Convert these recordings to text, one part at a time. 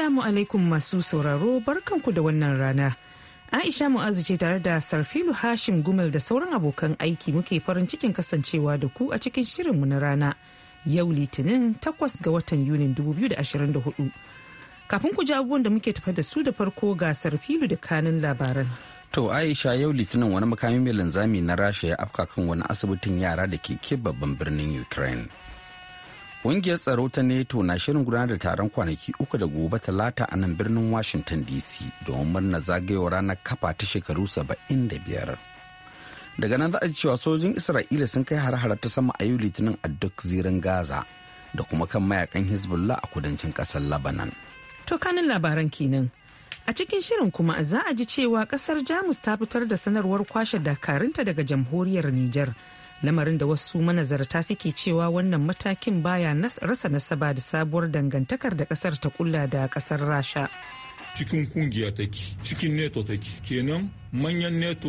Assalamu alaikum masu sauraro barkanku da wannan rana. Aisha Mu'azu ce tare da Sarfilu Hashim Gumel da sauran abokan aiki muke farin cikin kasancewa da ku a cikin shirinmu na rana. Yau Litinin takwas ga watan Yunin 2024. Kafin ku ji abubuwan da muke tafa da su da farko ga Sarfilu da kanin labaran. To Aisha yau Litinin wani makami mai linzami na Rasha ya afka kan wani asibitin yara da ke babban birnin Ukraine. Ƙungiyar tsaro ta NATO na shirin gudanar da taron kwanaki uku da gobe talata a nan birnin Washington DC domin murna zagayowar ranar kafa ta shekaru 75. Daga nan za a ji cewa sojojin Isra'ila sun kai har-hara ta sama a yau litinin a duk zirin Gaza da kuma kan mayakan Hezbollah a kudancin ƙasar Lebanon. To kanin labaran kenan. A cikin shirin kuma za a ji cewa ƙasar Jamus ta fitar da sanarwar kwashe dakarunta daga jamhuriyar Nijar. lamarin da wasu manazarta suke cewa wannan matakin baya rasa nasaba da sabuwar dangantakar da kasar ta kulla da kasar rasha cikin kungiya take cikin neto take kenan manyan neto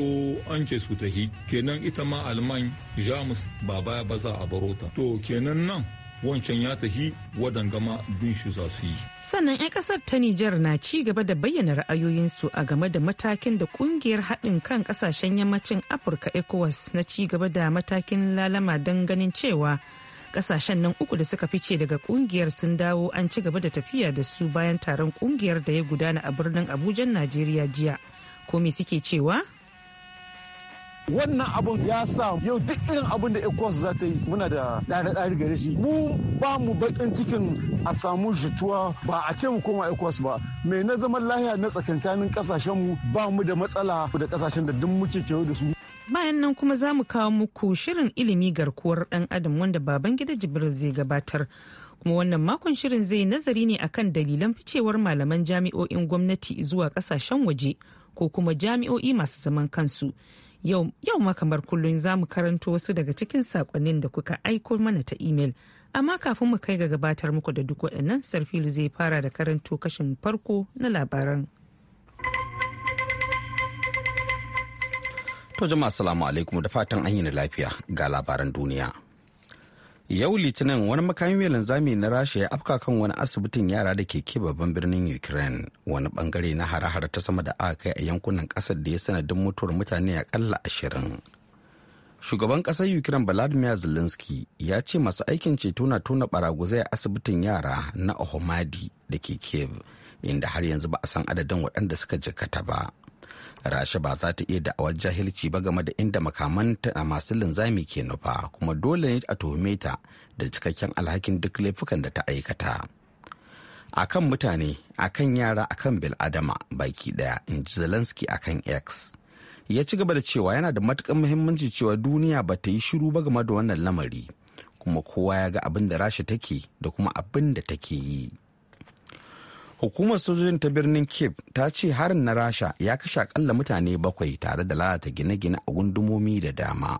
an ce su tahi kenan ita ma alman jamus ba baya ba za a baro ta to kenan nan wancan ya tahi wadan gama bin shi za su yi. Sannan 'yan kasar ta Nijar na ci gaba da bayyana ra'ayoyinsu a game da matakin da kungiyar haɗin kan kasashen yammacin Afirka ECOWAS na ci gaba da matakin lalama don ganin cewa kasashen nan uku da suka fice daga kungiyar sun dawo an ci gaba da tafiya da su bayan taron kungiyar da ya gudana a birnin Abuja, Najeriya jiya. Ko me suke cewa? wannan abun ya sa yau duk irin abun da ecos za ta yi muna da ɗari ɗari gare shi mu ba mu baƙin cikin a samu jituwa ba a ce mu koma ecos ba mai na zaman lahiya na tsakankanin mu ba mu da matsala da ƙasashen da duk muke kewa da su bayan nan kuma za mu kawo muku shirin ilimi garkuwar ɗan adam wanda baban gida jibril zai gabatar kuma wannan makon shirin zai nazari ne akan dalilan ficewar malaman jami'o'in gwamnati zuwa kasashen waje ko kuma jami'o'i masu zaman kansu Yau ma kamar kullum za mu karanto wasu daga cikin sakonnin da kuka aiko mana ta imel. Amma kafin mu kai ga gabatar muku da duk waɗannan sarfilu zai fara da karanto kashin farko na labaran. To jama'a salamu alaikum da fatan an yi lafiya ga labaran duniya. yau litinin wani makamin mai linzami na rasha ya afka kan wani asibitin yara da ke babban birnin ukraine wani bangare na harahara ta sama da aka kai a yankunan kasar da ya sanadin mutuwar mutane akalla ashirin shugaban kasar ukraine vladimir zelensky ya ce masu aikin ceto na tona baraguzai a asibitin yara na ohomadi da ke kiev inda har yanzu ba a san adadin waɗanda suka jikata ba rasha ba za ta iya da'awar jahilci ba game da inda makamanta na masu linzami ke nufa kuma dole ne a tuhume ta da cikakken alhakin duk laifukan da ta aikata akan mutane akan yara akan bil adama baki daya in ji zelensky a x ya ci gaba da cewa yana da matukan muhimmanci cewa duniya ba ta yi shiru ba game da wannan lamari kuma kowa ya ga abin da rasha take da kuma abin da take yi hukumar sojojin ta birnin cape ta ce harin na rasha ya kashe akalla mutane bakwai tare da lalata gine-gine a gundumomi da dama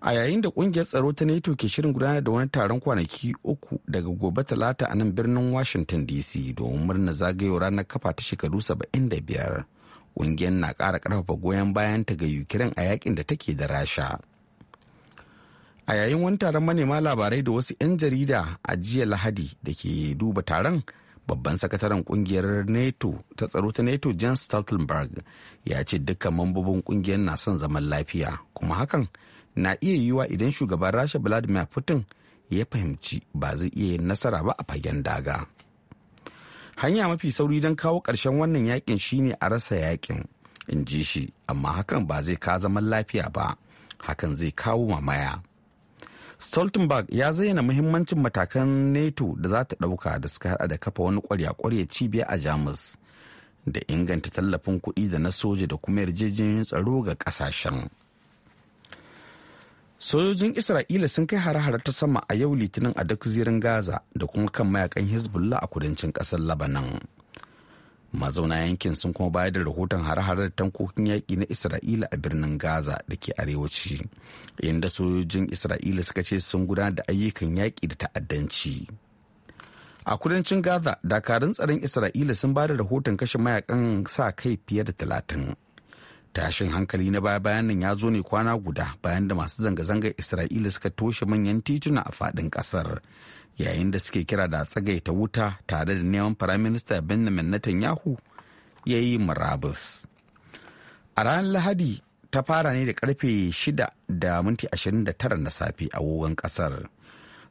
a yayin da kungiyar tsaro ta nato ke shirin gudanar da wani taron kwanaki uku daga gobe talata a nan birnin washington dc domin murna zagayowar ranar kafa ta shekaru 75 kungiyar na kara karfafa goyon bayan ta ga ukraine a yakin da take da rasha a yayin wani taron manema labarai da wasu 'yan jarida a jiya lahadi da ke duba taron babban sakataren kungiyar nato ta tsaro ta nato jens stoltenberg ya ce dukkan mambobin kungiyar na son zaman lafiya kuma hakan na iya yiwuwa idan shugaban rasha vladimir putin ya fahimci ba zai iya yin nasara ba a fagen daga hanya mafi sauri don kawo ƙarshen wannan yakin shine a rasa yakin in ji shi amma hakan ba zai ka zaman lafiya ba hakan zai kawo mamaya stoltenberg ya zayyana muhimmancin matakan nato da za ta ɗauka da suka hada da kafa wani kwarya-kwarya cibiya a jamus da inganta tallafin kuɗi da na soja da kuma yarjejeniyar tsaro ga ƙasashen. sojojin isra'ila sun kai hare-hare ta sama a yau litinin a duk zirin gaza da kuma kan mayakan hezbollah a kudancin ƙasar labanan mazauna yankin sun kuma bayar da rahoton hare-harar tankokin yaƙi na isra'ila a birnin gaza da ke arewaci inda sojojin isra'ila suka ce sun gudanar da ayyukan yaƙi da ta'addanci a kudancin gaza dakarun tsaron isra'ila sun ba da rahoton kashe mayakan sa kai fiye da talatin tashin hankali na baya bayan ya zo ne kwana guda bayan da masu zanga-zangar isra'ila suka toshe manyan tituna a faɗin ƙasar yayin da suke kira da tsagaita wuta tare da neman firaminista benjamin netanyahu ya yi murabus a ranar lahadi ta fara ne da karfe 6 da minti 29 na safe a wogon kasar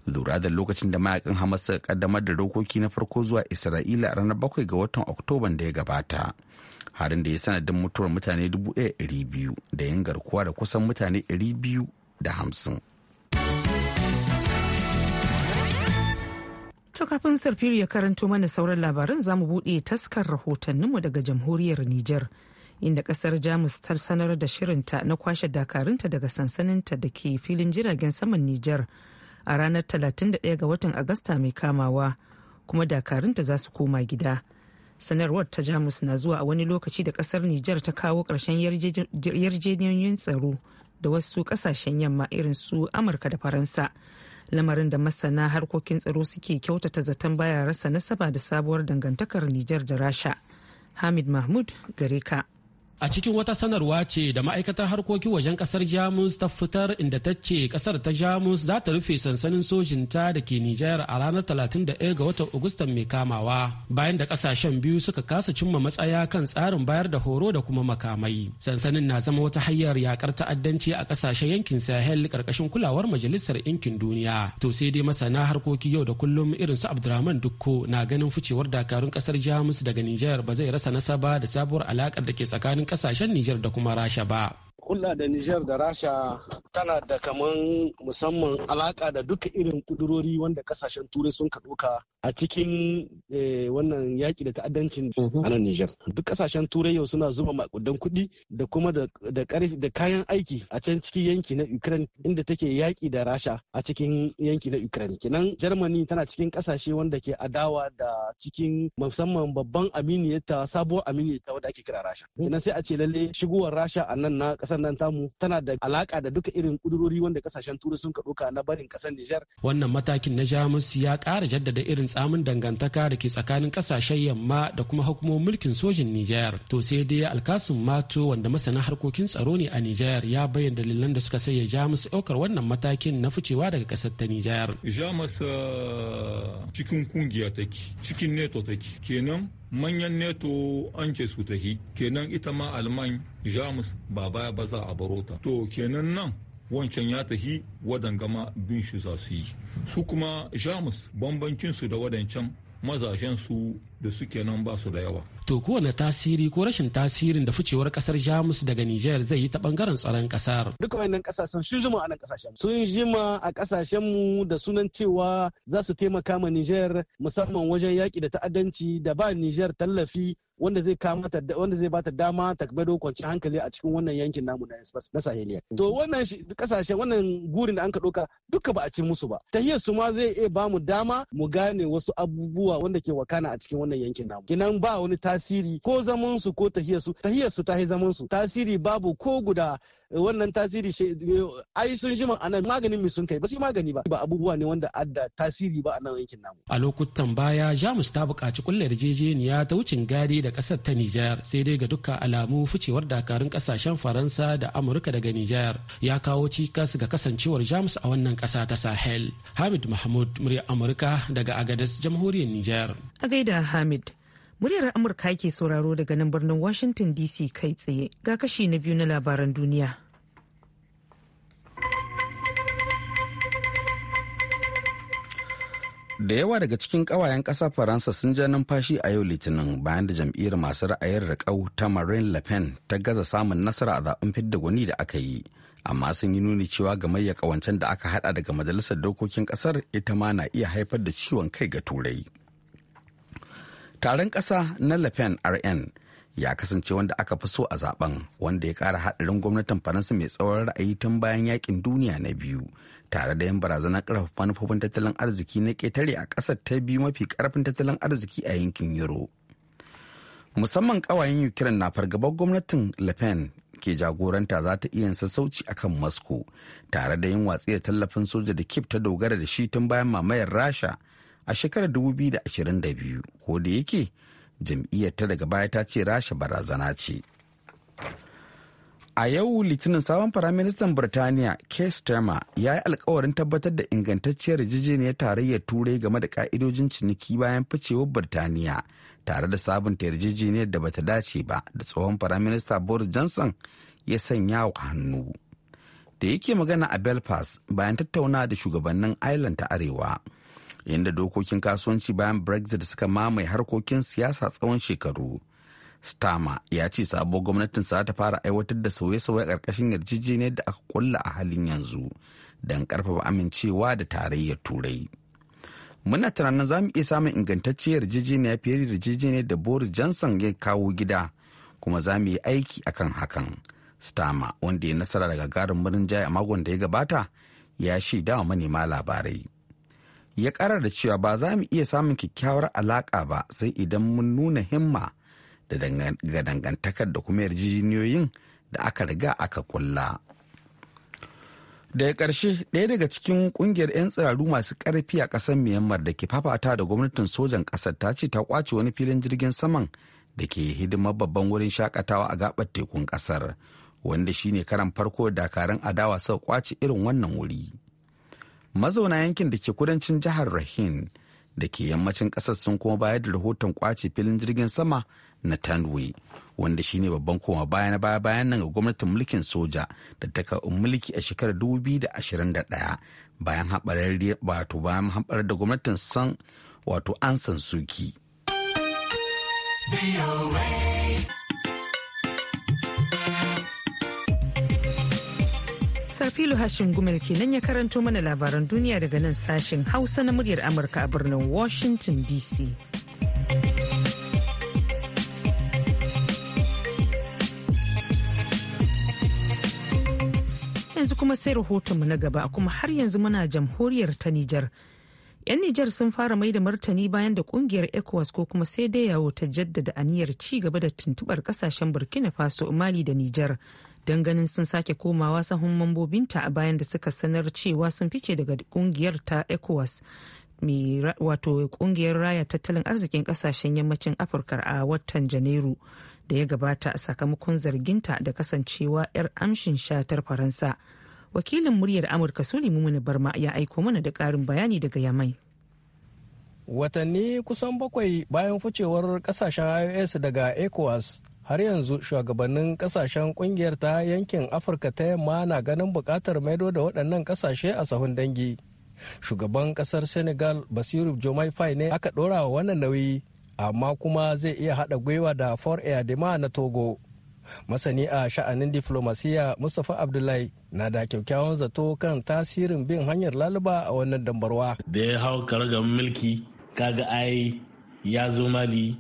lura da lokacin da mayakan hamas suka kaddamar da dokoki na farko zuwa isra'ila a ranar 7 ga watan oktoban da ya gabata harin da ya sanadin mutuwar mutane 1200 da yin garkuwa da kusan mutane 250 To kafin sarfiru ya karanto mana sauran labaran za mu buɗe taskar rahotanninmu daga jamhuriyar Nijar. Inda kasar Jamus ta sanar da shirinta na kwashe dakarunta daga sansaninta da ke filin jiragen saman Nijar a ranar 31 ga watan Agusta mai kamawa kuma dakarunta za su koma gida. Sanarwar ta Jamus na zuwa a wani lokaci da kasar Nijar ta kawo ƙarshen yarjejeniyoyin tsaro da wasu ƙasashen yamma irin su Amurka da Faransa. lamarin da masana harkokin tsaro suke kyautata zaton baya rasa nasaba da sabuwar dangantakar Nijar da Rasha. Hamid Mahmud gareka. A cikin wata sanarwa ce da ma'aikatar harkokin wajen kasar Jamus ta fitar inda ta ce kasar ta Jamus za ta rufe sansanin sojinta da ke Nijar a ranar 31 ga watan Agustan mai kamawa bayan da kasashen biyu suka kasa cimma matsaya kan tsarin bayar da horo da kuma makamai. Sansanin na zama wata hanyar yakar ta'addanci a kasashen yankin Sahel karkashin kulawar Majalisar Yankin Duniya. To sai dai masana harkoki yau da kullum irin su Abdurrahman Dukko na ganin ficewar dakarun kasar Jamus daga Nijar ba zai rasa nasaba da sabuwar alakar da ke tsakanin kasashen Nijar da kuma Rasha ba. kulla da Nijar da Rasha tana da kaman musamman alaka da duka irin kudurori wanda kasashen turai sun ka doka a cikin eh, wannan yaki da ta'addancin mhm. a nan Nijar. Duk kasashen turai yau suna zuba makudan kuɗi da kuma da kayan aiki a can cikin yanki na Ukraine inda take yaki da Rasha a cikin yanki na Ukraine. Kinan Germany tana cikin kasashe wanda ke adawa da cikin musamman babban aminiyarta sabuwar aminiyarta wadda ake kira Rasha. Mhm. Kinan sai a ce lalle shigowar Rasha a nan na kasar nan tamu tana da alaka da duka irin kudurori wanda kasashen turai sun ka na barin kasar Nijar. Wannan matakin na Jamus ya ƙara jaddada irin tsamin dangantaka da ke tsakanin kasashen yamma da kuma hukumomin mulkin sojin Nijar. To sai dai alkasin mato wanda masana harkokin tsaro ne a Nijar ya bayyana dalilan da suka sanya Jamus ɗaukar wannan matakin na ficewa daga kasar ta Nijar. Jamus eh, cikin kungiya take, cikin NATO take. Kenan manyan neto an ce su tahi kenan ita ma alman jamus ba baya ba za a baro ta to kenan nan wancan ya tahi wadan gama bin shi za su yi su kuma jamus bambancinsu da wadancan mazajen su da suke nan ba su da yawa to kowane tasiri ko rashin tasirin da ficewar kasar jamus daga niger zai yi ta bangaren tsaron kasar duka nan kasashen sun jima a nan kasashen sun jima a kasashen mu da sunan cewa za su taimaka ma niger musamman wajen yaki da ta'addanci da ba niger tallafi wanda zai kama wanda zai bata dama ta gado kwanci hankali a cikin wannan yankin namu na na saheliya to wannan kasashen wannan gurin da an ka doka duka ba a ci musu ba tahiyar su ma zai iya ba mu dama mu gane wasu abubuwa wanda ke wakana a cikin wannan yankin namu kinan ba wani tasiri tasiri ko zaman su ko tahiyar su tahiyar su tahi zaman su tasiri babu ko guda wannan tasiri ai sun jima a maganin mai sun kai ba su magani ba ba abubuwa ne wanda adda tasiri ba a nan yankin namu a lokutan baya jamus ta buƙaci kulle yarjejeniya ta wucin gari da ƙasar ta nijar sai dai ga dukkan alamu ficewar dakarun ƙasashen faransa da amurka daga nijar ya kawo cikas ga kasancewar jamus a wannan ƙasa ta sahel hamid mahmud murya amurka daga agadas jamhuriyar nijar a gaida hamid Muryar Amurka ke sauraro daga nan birnin Washington DC kai tsaye ga kashi na biyu na labaran duniya. da yawa daga cikin kawayen ƙasa faransa sun ja numfashi a yau litinin bayan da jam'iyyar masu ra'ayin riƙau ta marine le pen ta gaza samun nasara a zaben fidda gwani da aka yi amma sun yi nuni cewa gamayya ƙawancen da aka hada daga majalisar dokokin ƙasar ita ma na iya haifar da ciwon kai ga turai taron ƙasa na lafen rn ya kasance wanda aka fi so a zaben wanda ya kara haɗarin gwamnatin faransa mai tsawon ra'ayi tun bayan yakin duniya na biyu tare da yin barazanar ƙarfafa manufofin tattalin arziki na ƙetare a ƙasar ta biyu mafi ƙarfin tattalin arziki a yankin euro musamman ƙawayen ukraine na fargabar gwamnatin le pen ke jagoranta za ta iya sassauci akan moscow tare da yin watsi da tallafin soja da kip ta dogara da shi tun bayan mamayar rasha a shekarar biyu ko da yake jam'iyyar ta daga baya ta ce rasha barazana ce a yau litinin sabon firaministan birtaniya keir starmer ya yi alkawarin tabbatar da ingantacciyar yarjejeniyar tarayyar turai game da ka'idojin ciniki bayan ficewar birtaniya tare da sabunta yarjejeniyar da bata dace ba da tsohon firaminista boris johnson ya sanya wa hannu da yake magana a belfast bayan tattauna da shugabannin ireland ta arewa inda dokokin kasuwanci bayan brexit suka mamaye harkokin siyasa tsawon shekaru stama ya ce sabo gwamnatin sa ta fara aiwatar da sauye-sauye ƙarƙashin yarjejeniyar da aka kulla a halin yanzu don ƙarfafa amincewa da tarayyar turai muna tunanin za mu iya samun ingantacciyar yarjejeniya fiye da yarjejeniyar da boris johnson ya kawo gida kuma za mu yi aiki akan hakan stama wanda ya nasara daga garin birnin jaya a magon da ya gabata ya shaida wa manema labarai ya ƙara da cewa ba za mu iya samun kyakkyawar alaƙa ba sai idan mun nuna himma da dangantakar da kuma yarjejeniyoyin da aka riga aka kulla. daga ƙarshe ɗaya daga cikin ƙungiyar 'yan tsiraru masu ƙarfi a ƙasar myanmar da ke fafata da gwamnatin sojan ƙasar ta ce ta ƙwace wani filin jirgin saman da ke hidimar babban wurin shakatawa a gaɓar tekun ƙasar wanda shine karan farko dakarun adawa suka ƙwace irin wannan wuri. mazauna yankin da ke kudancin jihar rahin da ke yammacin kasar sun kuma bayar da rahoton kwace filin jirgin sama na tanwe wanda shine babban koma baya na baya bayan nan ga gwamnatin mulkin soja da ta ka mulki a shekarar 2021 bayan haɓarar wato bayan haɓarar da gwamnatin san wato an san suki. filu Hashin Gumel kenan ya karanto mana labaran duniya daga nan sashen Hausa na muryar Amurka a birnin Washington DC. yanzu kuma sai rahotonmu na gaba kuma har yanzu muna jamhuriyar ta Nijar. 'Yan Nijar sun fara mai da martani bayan da kungiyar ECOWAS ko kuma sai dai yawo ta jaddada aniyar ci gaba da tuntubar kasashen Burkina Faso, Mali da Nijar don ganin sun sake komawa sahun mambobinta a bayan da suka sanar cewa sun fice daga kungiyar ta ecowas mai wato kungiyar raya tattalin arzikin kasashen yammacin afirka a watan janairu da ya gabata a sakamakon zarginta da kasancewa 'yar amshin shatar faransa wakilin muryar amurka sulimu barma ya aiko mana da karin bayani daga yamai watanni kusan bakwai bayan ficewar kasashen ios daga ecowas har yanzu shugabannin kasashen kungiyar ta yankin afirka ta yamma na ganin bukatar maido da waɗannan kasashe a sahun dangi shugaban kasar senegal basiru jomai fai ne aka ɗora wa wannan nauyi amma kuma zai iya haɗa gwiwa da for dima na togo masani a sha'anin diflomasiya mustapha abdullahi na da kyakkyawan zato kan tasirin bin hanyar laluba a wannan dambarwa da ya hau karagar mulki kaga ai ya zo mali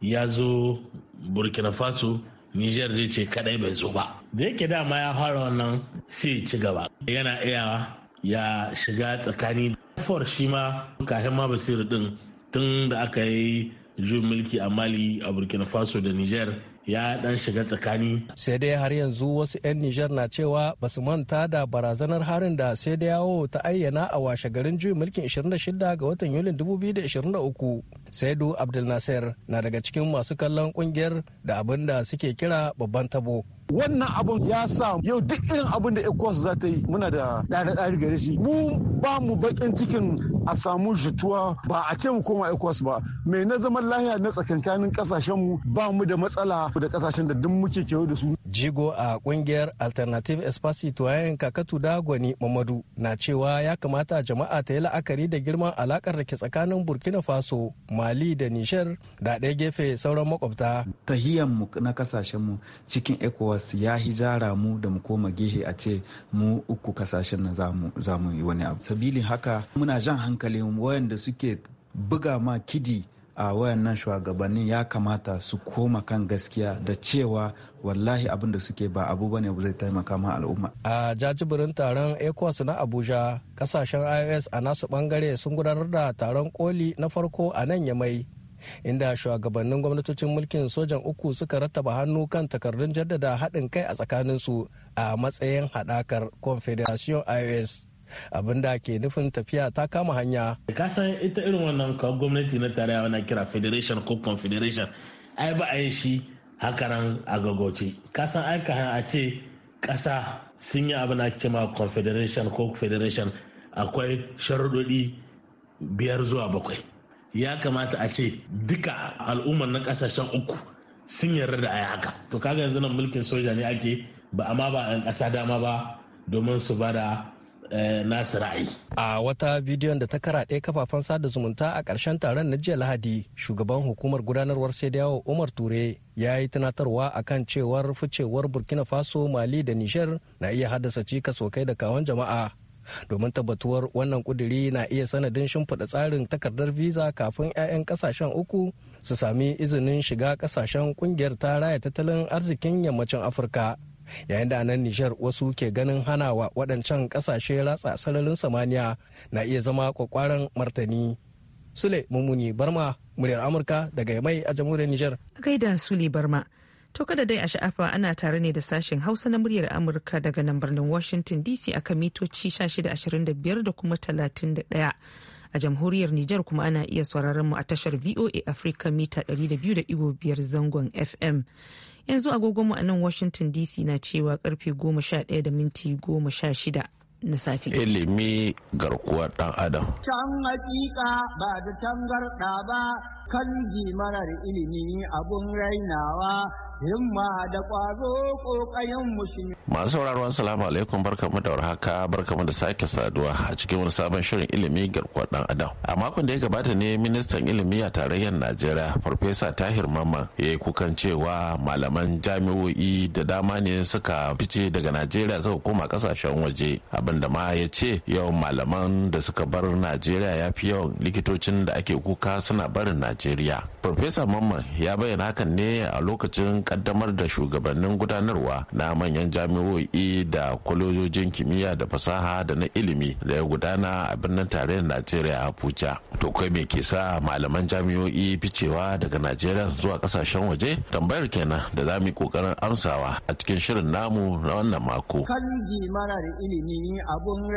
ya zo burkina faso niger dai ce kadai bai zo ba da yake dama ya fara wannan sai ci gaba yana iya ya shiga tsakani for shi ma kashin ma basiru din tun da aka yi juyin mulki a mali a burkina faso da niger ya dan shiga tsakani. Sai dai har yanzu wasu 'yan Nijar na cewa ba su manta da barazanar harin da sai da yawo ta ayyana a washe garin juyin mulkin 26 ga watan Yulin 2023. Saidu Abdul Nasir na daga cikin masu kallon kungiyar da abin suke kira babban tabo. wannan abun ya sa yau duk irin abun da ecos za ta yi muna da ɗari ɗari gare shi mu ba mu bakin cikin a samu jituwa ba a ce mu koma ecos ba mai na zaman lahiya na tsakankanin kasashen mu ba mu da matsala da kasashen da duk muke kewa da su jigo a kungiyar alternative espace citoyen kakatu da mamadu na cewa ya kamata jama'a ta yi la'akari da girman alakar da ke tsakanin burkina faso mali da nishar da ɗaya gefe sauran makwabta tahiyan mu na kasashen mu cikin ecowas ya hijara mu da mu koma gehe a ce mu uku kasashen na zamu yi wani abu sabili haka muna jan hankali wayanda suke buga ma kidi a wayannan shugabannin ya kamata su koma kan gaskiya da cewa wallahi abin da suke ba abu bane zai taimaka ma al'umma. A jajibirin taron ecos na Abuja, kasashen IOS a nasu bangare sun gudanar da taron koli na farko a nan yamai inda shugabannin gwamnatocin mulkin sojan uku suka rattaba hannu kan takardun jaddada haɗin kai a su a matsayin haɗakar confederation ios abinda ke nufin tafiya ta kama hanya. ka san ita irin wannan gwamnati na tarayya wani kira federation ko confederation ai ba a yi shi hakanan a gagoce ka san aika a ce ƙasa sun yi abin ake ma confederation ko federation akwai sharuɗoɗi biyar zuwa bakwai ya kamata a ce duka al'ummar na ƙasashen uku sun yarda da a haka to kaga yanzu nan mulkin soja ne ake ba amma ba 'yan ƙasa dama ba domin su ba da Eh, nasu ra'ayi. A wata bidiyon da ta karaɗe kafafen sada zumunta a ƙarshen taron na jiya Lahadi, shugaban hukumar gudanarwar sai Umar Ture ya yi tunatarwa a kan cewar ficewar Burkina Faso, Mali da Nijar na iya haddasa cika sokai da kawon jama'a. Domin tabbatuwar wannan kuduri na iya sanadin shimfiɗa tsarin takardar visa kafin 'ya'yan ƙasashen uku su sami izinin shiga ƙasashen ƙungiyar ta raya tattalin arzikin yammacin Afirka. yayin da nan Nijar wasu ke ganin hanawa waɗancan ƙasashe ratsa sararin samaniya na iya zama kwakwaran martani. Sule Mummuni Barma, muryar Amurka daga Yamai a jamhuriyar Nijar. Gaida Sule Barma. To kada dai a sha'afa ana tare ne da sashen Hausa na muryar Amurka daga nan birnin Washington DC a kan mitoci 1625 da kuma 31. A jamhuriyar Nijar kuma ana iya sauraron mu a tashar VOA Africa mita 200.5 zangon FM. yanzu mu a nan washington dc na cewa karfe 11 da minti 16 na safe ilimi garkuwar dan adam can hakika ba da tangarda ba kanji marar ilimi abun rainawa himma da ƙwazo kokayen mushi. Masu sauraro assalamu alaikum barkamu da warhaka barkamu da sake saduwa a cikin wani sabon shirin ilimi garkuwar dan adam. A makon da ya gabata ne ministan ilimi a tarayyar Najeriya Farfesa Tahir Mamman ya yi kukan cewa malaman jami'o'i da dama ne suka fice daga Najeriya suka koma kasashen waje abinda ma ya ce yawan malaman da suka bar Najeriya ya fi yawan likitocin da ake kuka suna barin Najeriya. najeriya farfesa mamman ya bayyana hakan ne a lokacin kaddamar da shugabannin gudanarwa na manyan jami'o'i da kwalojojin kimiyya da fasaha da na ilimi da ya gudana a birnin tarayyar najeriya abuja to kai me ke sa malaman jami'o'i ficewa daga najeriya zuwa kasashen waje tambayar kenan da za mu yi kokarin amsawa a cikin shirin namu na wannan mako kan marar ilimi abun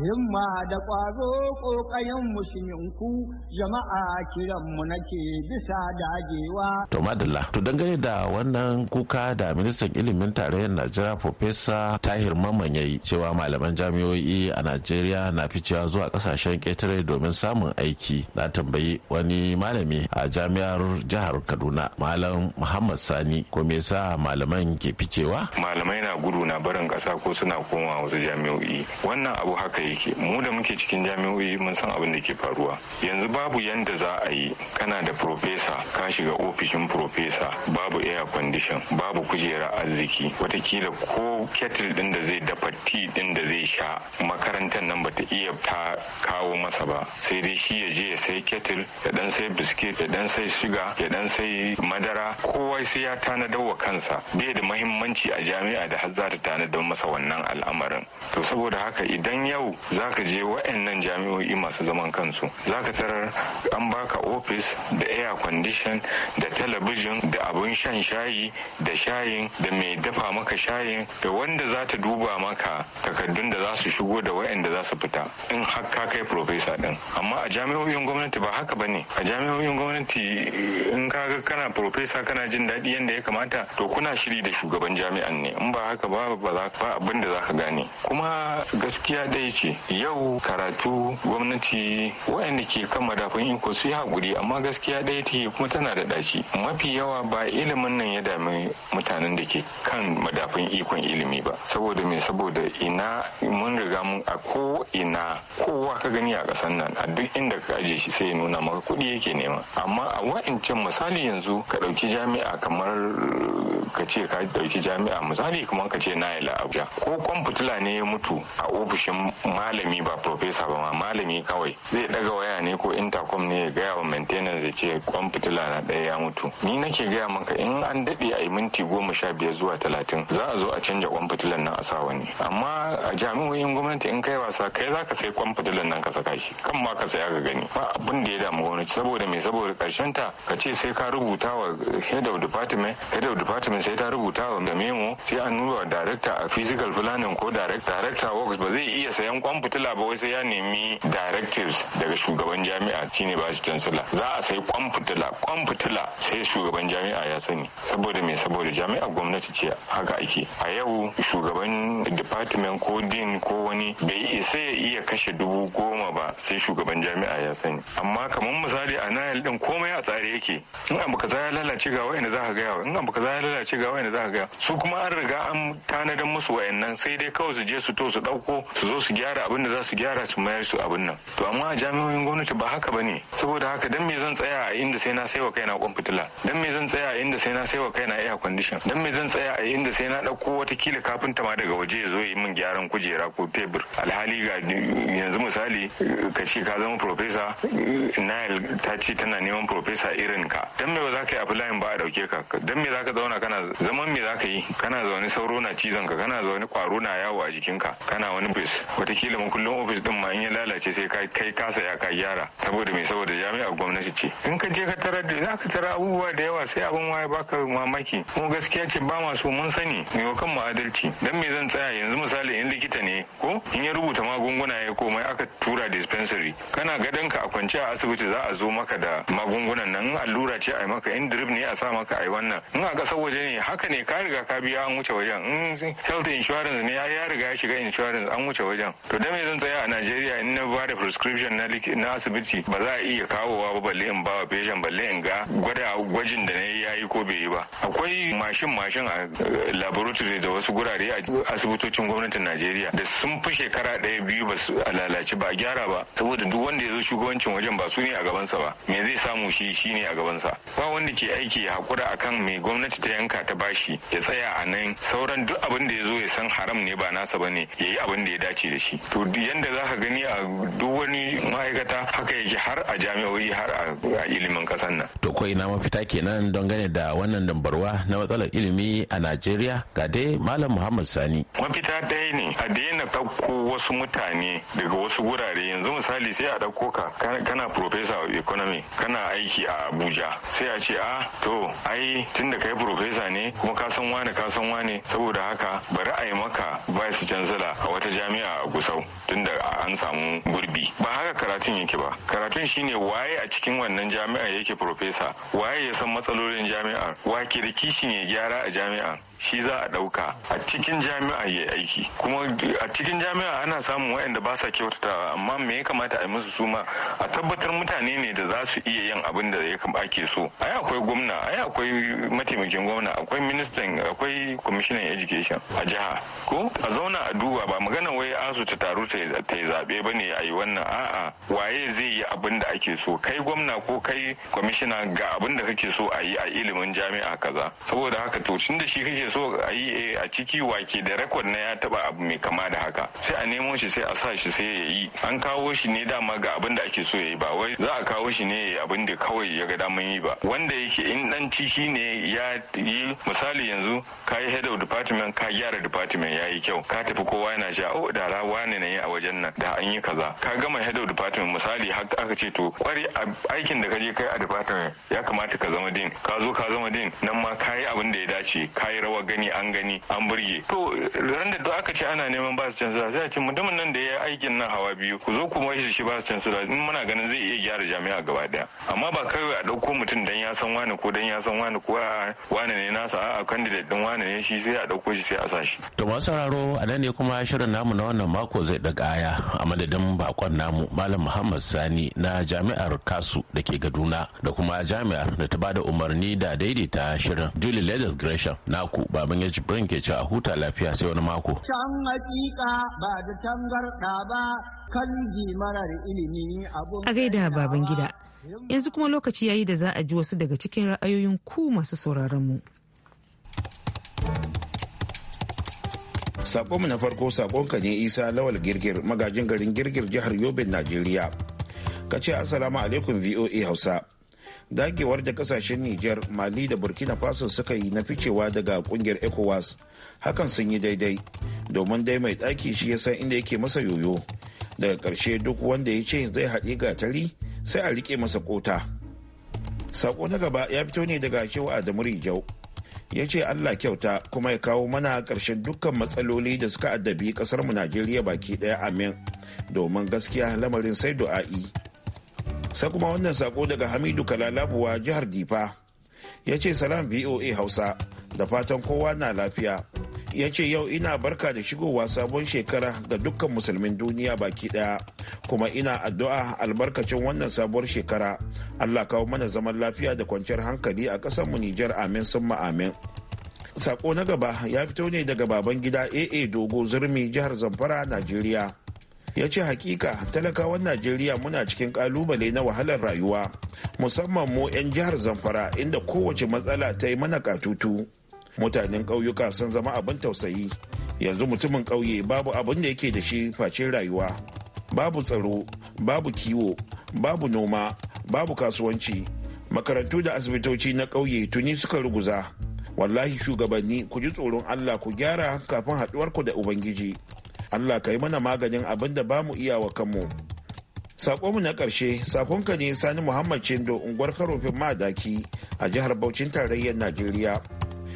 himma da ƙwazo ƙoƙayen musulminku jama'a kiranmu nake bisa dagewa. To madalla, to dangane da wannan kuka da ministan ilimin tarayyar Najeriya Profesa Tahir Maman yayi cewa malaman jami'o'i a Najeriya na ficewa zuwa kasashen ƙetare domin samun aiki. Na tambayi wani malami a jami'ar jihar Kaduna, Malam Muhammad Sani, ko me yasa malaman ke ficewa? Malamai na gudu na barin ƙasa ko suna koma wasu jami'o'i. Wannan abu haka yake. Mu da muke cikin jami'o'i mun san abin da ke faruwa. Yanzu babu yanda za a yi kana da profesa ka shiga ofishin profesa babu air condition babu kujera arziki watakila ko kettle din da zai dafa ti din da zai sha makarantar nan bata iya ta kawo masa ba sai dai shi ya je ya sai kettle ya dan sai biskit ya dan sai shiga ya dan sai madara kowa sai ya tanadar wa kansa bai da mahimmanci a jami'a da har za ta tanadar masa wannan al'amarin to saboda haka idan yau zaka je wa'annan jami'o'i masu zaman kansu zaka tarar an baka Ka ofis da air condition da talabijin da abun shan shayi da shayin da mai dafa maka shayin da wanda za ta duba maka takardun da za su shigo da wayanda za su fita in har ka kai profesa din amma a jami'o'in gwamnati ba haka bane a jami'o'in gwamnati in ka ga kana profesa kana jin daɗi yadda ya kamata to kuna shiri da shugaban jami'an ne in ba haka ba ba abin da za ka gane kuma gaskiya dai ce yau karatu gwamnati wayanda ke kan madafun iko su yi haƙuri amma gaskiya ɗaya ta kuma tana da ɗaci mafi yawa ba ilimin nan ya dami mutanen da ke kan madafin ikon ilimi ba saboda me saboda ina mun riga mun a ko ina kowa ka gani a ƙasar nan a duk inda ka aje shi sai nuna maka kuɗi yake nema amma a wa'ancan misali yanzu ka ɗauki jami'a kamar ka ce ka ɗauki jami'a misali kamar ka ce nayila abuja ko kwamfutula ne ya mutu a ofishin malami ba profesa ba ma malami kawai zai ɗaga waya ne ko intercom ne ya gaya gaya wa maintenance da ce kwan fitila na ɗaya ya mutu ni nake gaya maka in an daɗe a yi minti goma sha biyar zuwa talatin za a zo a canja kwan fitilan nan a sa wani amma a jami'o'in gwamnati in kai wasa kai za ka sai kwan fitilan nan ka saka shi kan ma ka saya ka gani ba abin da ya damu gwamnati saboda me saboda karshen ta ka ce sai ka rubuta wa head of department head of department sai ta rubuta wa da memo sai an nuna wa director a physical planning ko director director works ba zai iya sayan kwan fitila ba wai sai ya nemi directives daga shugaban jami'a shine ba shi sula za a sai kwan fitila kwan fitila sai shugaban jami'a ya sani saboda me saboda jami'a gwamnati ce haka ake a yau shugaban department ko din ko wani bai isa ya iya kashe dubu goma ba sai shugaban jami'a ya sani amma kamar misali a nayal din komai a tsare yake in an kaza ya lalace ga za ka gaya in an ya lalace ga za ka gaya su kuma an riga an tanadan musu wayannan sai dai kawai su je su to su dauko su zo su gyara abin da za su gyara su mayar su abin nan to amma a jami'o'in gwamnati ba haka bane saboda saboda haka dan me zan tsaya a inda sai na saiwa kaina kwan fitila dan me zan tsaya a inda sai na saiwa kaina air condition dan me zan tsaya a inda sai na dauko wata kila kafinta ma daga waje ya zo yi min gyaran kujera ko tebur alhali ga yanzu misali ka ce ka zama profesa nile ta ce tana neman profesa irin ka dan me ba za ka yi applying ba a dauke ka dan me za ka zauna kana zaman me za ka yi kana zaune sauro na cizon ka kana zaune kwaro na yawo a jikinka kana wani wata kila mun kullum ofis din ma in ya lalace sai kai ka saya ka gyara saboda me saboda ya jami'a gwamnati ce in ka je ka tarar da za ka tara abubuwa da yawa sai abin ya baka mamaki kuma gaskiya ce ba ma so mun sani mai kan mu adalci dan me zan tsaya yanzu misali in likita ne ko in ya rubuta magunguna ya komai aka tura dispensary kana ka a kwance a asibiti za a zo maka da magungunan nan in allura ce a yi maka in drip ne a sa maka a yi wannan in a kasar waje ne haka ne ka riga ka biya an wuce wajen in health insurance ne ya riga ya shiga insurance an wuce wajen to da me zan tsaya a Najeriya in na ba da prescription na asibiti ba za a iya kawo kawowa ba balle in ba wa balle in ga gwada gwajin da na yi yayi ko bai yi ba akwai mashin mashin a eh, laboratory da wasu gurare a asibitocin gwamnatin najeriya da sun fi shekara ɗaya biyu ba su lalace ba a gyara ba saboda duk wanda ya zo shugabancin wajen ba su ne a gabansa ba me zai samu shi shi ne a gabansa ba wanda ke aiki ya hakura kan mai gwamnati ta yanka ta bashi ya tsaya a nan sauran duk abin da ya zo ya san haram ne ba nasa ba ne ya yi abin da ya dace da shi to yadda za ka gani a duk wani ma'aikata haka yake har a jami'a nauyi har a ilimin kasan nan to ko ina mafita kenan don gane da wannan dambarwa na matsalar ilimi a najeriya ga dai malam muhammad sani mafita ɗaya ne a daina ɗauko wasu mutane daga wasu wurare yanzu misali sai a ɗauko ka kana professor of economy kana aiki a abuja sai a ce a ah, to ai tunda kai professor ne kuma ka san wani ka san wani saboda haka bari a yi maka vice chancellor a wata jami'a a gusau tunda an samu gurbi ba haka karatun yake ba karatun shine wa waye a cikin wannan jami'ar yake profesa waye ya san matsalolin jami'ar wa ke da kishin ya gyara a jami'a shi za a ɗauka a cikin jami'a ya aiki kuma a cikin jami'a ana samun waɗanda ba sa kyautatawa amma me ya kamata a yi musu suma a tabbatar mutane ne da za su iya yin abin da ya ake so ai akwai gwamna ai akwai mataimakin gwamna akwai ministan akwai kwamishinan education a jiha ko a zauna a duba ba magana wai asu ta taru ta yi zaɓe ba ne a yi wannan a'a waye zai yi abin da ake so kai gwamna ko kai commissioner ga abin da kake so a yi a ilimin jami'a kaza saboda haka to tun da shi kake so a yi eh, a ciki wake da rekod na ya taba abu mai kama da haka sai a nemo shi sai a sa shi sai ya yi an kawo shi ne dama ga abin da ake so ya yi ba wai za a kawo shi ne abin da kawai ya ga daman yi ba wanda yake in dan ciki ne ya yi misali yanzu ka yi head of department ka gyara department ya yi kyau ka tafi kowa yana sha oh da rawa ne na yi a wajen nan da an yi kaza ka gama head of department misali har aka ce to kwari aikin da ka je kai a department ya kamata ka zama din ka zo ka zama din nan ma ka yi abin da ya dace ka yi rawa wa gani an gani an burge to ran da duk aka ce ana neman bas su sai a ce mutumin nan da ya aikin nan hawa biyu ku zo ku mashi shi ba su in muna ganin zai iya gyara jami'a gaba daya amma ba kawai a ɗauko mutum dan ya san wani ko dan ya san wani ko wani ne nasa a candidate din wani ne shi sai a dauko shi sai a sa shi. to masu sauraro a nan ne kuma shirin namu na wannan mako zai daga aya a madadin bakon namu malam muhammad sani na jami'ar kasu da ke gaduna da kuma jami'ar da ta bada umarni da daidaita shirin julie ladies gresham naku baban ya ci ke ci a huta lafiya sai wani mako. Can hakika ba da tangarɗa ba kan marar ilimi abun. A gaida baban gida. Yanzu kuma lokaci yayi da za a ji wasu daga cikin ra'ayoyin ku masu sauraron mu. Sakonmu na farko sakonka ne Isa Lawal Girgir magajin garin Girgir jihar Yobe Najeriya. Ka ce Assalamu alaikum VOA Hausa. dagewar da kasashen Nijar, Mali da Burkina Faso suka yi na ficewa daga kungiyar ECOWAS hakan sun yi daidai domin dai mai ɗaki shi ya san inda yake masa yoyo. Daga ƙarshe duk wanda ya ce zai haɗe gatari sai a riƙe masa kota. saƙo na gaba ya fito ne daga cewa Adamu Rijau. ya ce Allah kyauta kuma ya kawo mana ƙarshen dukkan matsaloli da suka addabi ƙasarmu Najeriya baki ɗaya amin domin gaskiya lamarin sai du'a'i. sai kuma wannan sako daga hamidu kalalabuwa jihar difa ya ce salam voa hausa da fatan kowa na lafiya ya ce yau ina barka da shigowa sabon shekara ga dukkan musulmin duniya baki daya kuma ina addu'a albarkacin wannan sabuwar shekara allah kawo mana zaman lafiya da kwanciyar hankali a mu nijar amin summa amin sako na gaba ya fito ne daga baban gida aa dogo zurmi jihar zamfara najeriya ya ce hakika talakawan najeriya muna cikin kalubale na wahalar rayuwa musamman mu 'yan jihar zamfara inda kowace matsala ta yi mana katutu mutanen ƙauyuka sun zama abin tausayi yanzu mutumin ƙauye babu abin da yake da shi facin rayuwa babu tsaro babu kiwo babu noma babu kasuwanci makarantu da asibitoci na ƙauye tuni suka ruguza wallahi shugabanni ku ji tsoron allah ku gyara kafin haɗuwarku da ubangiji allah ka yi mana maganin abin da ba mu iya wa kanmu mu na ƙarshe sakonka ne sani muhammad chindo unguwar karofin madaki a jihar Bauchin tarayyar najeriya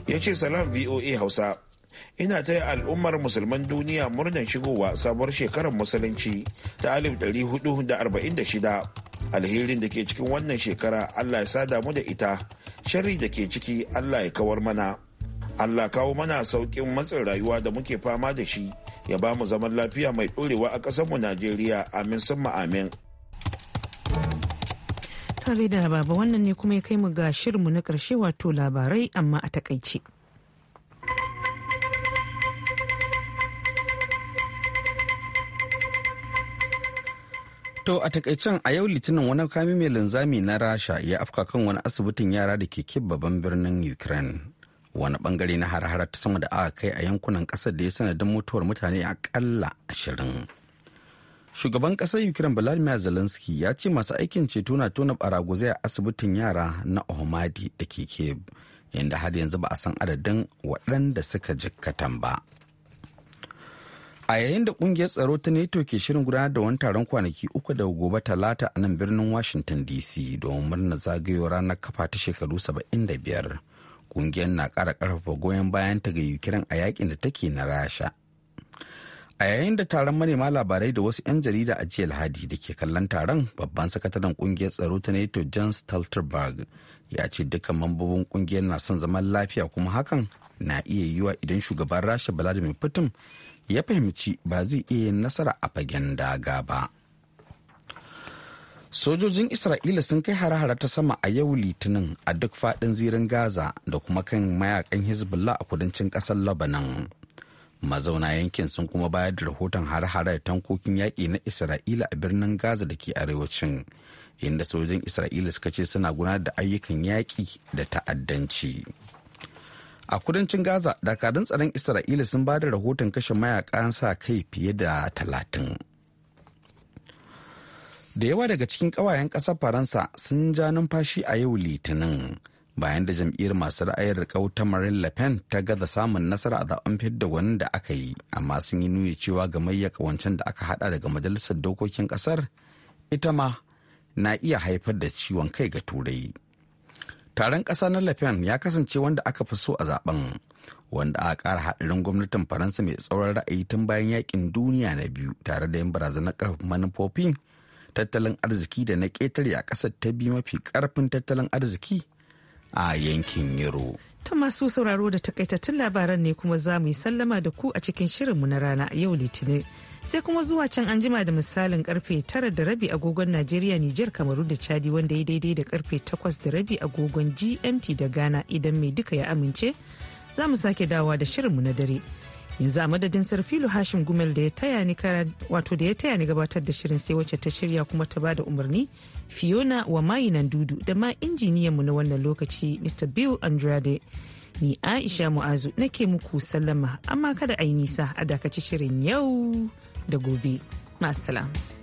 ya ce salam voa hausa ina ta al'ummar musulman duniya murnar shigowa sabuwar shekarar musulunci ta alif shida. alherin da ke cikin wannan shekara allah ya sada mu da ita sharri da ke ciki allah ya kawar mana Allah kawo mana saukin matsin rayuwa da muke fama da shi ya ba mu zaman lafiya mai ɗorewa a ƙasarmu Najeriya amin summa amin. Tare da baba wannan ne kuma ya kai mu ga shirinmu na ƙarshe wato labarai amma a takaice. To a takaicen a yau litinin wani kami mai linzami na Rasha ya afka kan wani asibitin yara da ke babban birnin Ukraine. wani bangare na har ta sama da aka kai a yankunan kasar da ya sanadin mutuwar mutane a akalla ashirin. Shugaban kasar Ukraine vladimir Zelensky ya ce masu aikin ceto na tona baraguzai a asibitin yara na Ohmadi da ke Kiev, inda har yanzu ba a san adadin waɗanda suka jikkatan ba. A yayin da kungiyar tsaro ta NATO ke shirin gudanar da wani taron kwanaki uku da gobe talata a nan birnin Washington DC domin murnar zagayowar ranar kafa ta shekaru 75. kungiyar na kara karfafa goyon bayan ta ga ukraine a yakin da take na rasha a yayin da taron manema labarai da wasu 'yan jarida a jiya lahadi da ke kallon taron babban sakataren kungiyar tsaro ta nato john stoltenberg ya ce dukkan mambobin kungiyar na son zaman lafiya kuma hakan na iya yiwuwa idan shugaban rasha vladimir putin ya fahimci ba zai iya yin nasara a fagen daga ba. sojojin isra'ila sun kai hare-hare ta sama a yau litinin a duk faɗin zirin gaza da kuma kan mayakan hezbollah a kudancin ƙasar labanan mazauna yankin sun kuma bayar da rahoton hare-hare tankokin yaƙi na isra'ila a birnin gaza da ke arewacin inda sojojin isra'ila suka ce suna gudanar da ayyukan yaƙi da ta'addanci a kudancin gaza dakarun tsaron isra'ila sun ba da rahoton kashe mayakan sa kai fiye da talatin da yawa daga cikin ƙawayen ƙasar faransa sun ja numfashi a yau litinin bayan da jam'iyyar masu ra'ayin rikau ta marine le pen ta gaza samun nasara a zaben fidda wani da aka yi amma sun yi nuni cewa gamayyar kawancen da aka hada daga majalisar dokokin ƙasar ita ma na iya haifar da ciwon kai ga turai taron ƙasa na le ya kasance wanda aka fi so a zaben wanda aka ƙara haɗarin gwamnatin faransa mai tsauran ra'ayi tun bayan yakin duniya na biyu tare da yin barazanar ƙarfafa manufofi. tattalin arziki da na ƙetare a ƙasar ta biyu mafi ƙarfin tattalin arziki a yankin yaro. ta masu sauraro da takaitattun labaran ne kuma za mu yi sallama da ku a cikin shirin mu na rana yau litinin sai kuma zuwa can an jima da misalin karfe tara da rabi agogon najeriya nijar kamaru da chadi wanda ya daidai da karfe takwas da rabi agogon gmt da ghana idan mai duka ya amince za mu sake dawa da shirin mu na dare yanzu a madadin sarfilu hashim gumel da ya taya ni kara wato da ya taya ni gabatar da shirin sai wacce ta shirya kuma ta bada umarni fiona wa mayinan dudu da ma injiniyanmu na wannan lokaci mr bill andrade ni aisha mu'azu nake muku sallama amma kada a yi nisa a dakaci shirin yau da gobe masu